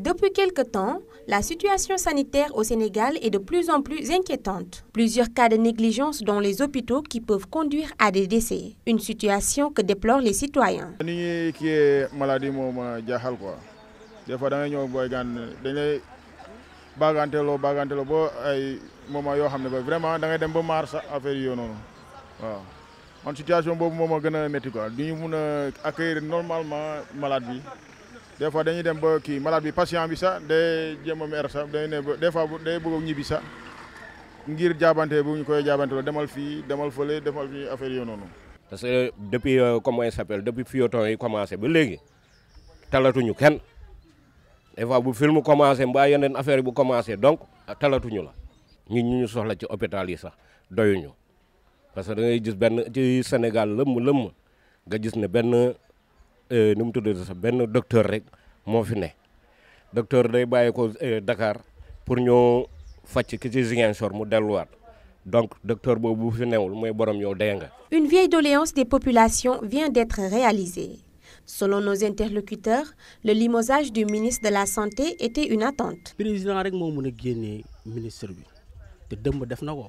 Depuis quelques temps, la situation sanitaire au Sénégal est de plus en plus inquiétante. Plusieurs cas de négligence, dans les hôpitaux, qui peuvent conduire à des décès. Une situation que déplorent les citoyens. Ce qui est une maladie, c'est que je me débrouille. Parfois, je me dis que je suis en train de me débrouiller. Vraiment, je me dis que je suis en train de me débrouiller. En cette situation, je me dis que je suis en train de me débrouiller. Je ne peux pas accueillir normalement la maladie. des fois dañuy dem ba ki malade bi patient bi sax day jéem a sax day ne des fois day bëgg ñibbi sax ngir jabanté bu ñu koy jabanté la demal fi demal fële demal fi affaire yo nonu parce que depuis euh, comment il s'appelle depuis fioton yi commencé ba léegi talatuñu kenn des fois bu film commencé mbaa yenen affaire bu commencé donc talatuñu la ñi ñu soxla ci hôpital yi sax doyuñu parce que da ngay gis ben ci Sénégal lëmm lëmm nga gis ne ben Eh, Nous avons tuddati docteur rek mo fi ne docteur day baye ko eh, Dakar pour ñoo faire ki Zingen sor mu donc docteur bobu fi newul moy borom yow Une vieille doléance des populations vient d'être réalisée. Selon nos interlocuteurs, le limosage du ministre de la Santé était une attente. Le président rek moo mën a ministre bi te dëmb def na ko.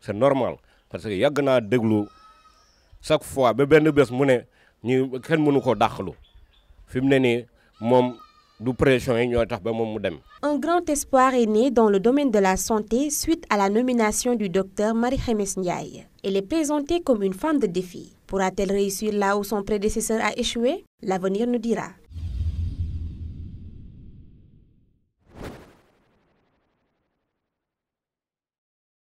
c'est normal parce que chaque fois Un grand espoir est né dans le domaine de la santé suite à la nomination du docteur Marie Khemesse Ndiaye. Elle est présentée comme une femme de défi. Pourra-t-elle réussir là où son prédécesseur a échoué? L'avenir nous dira.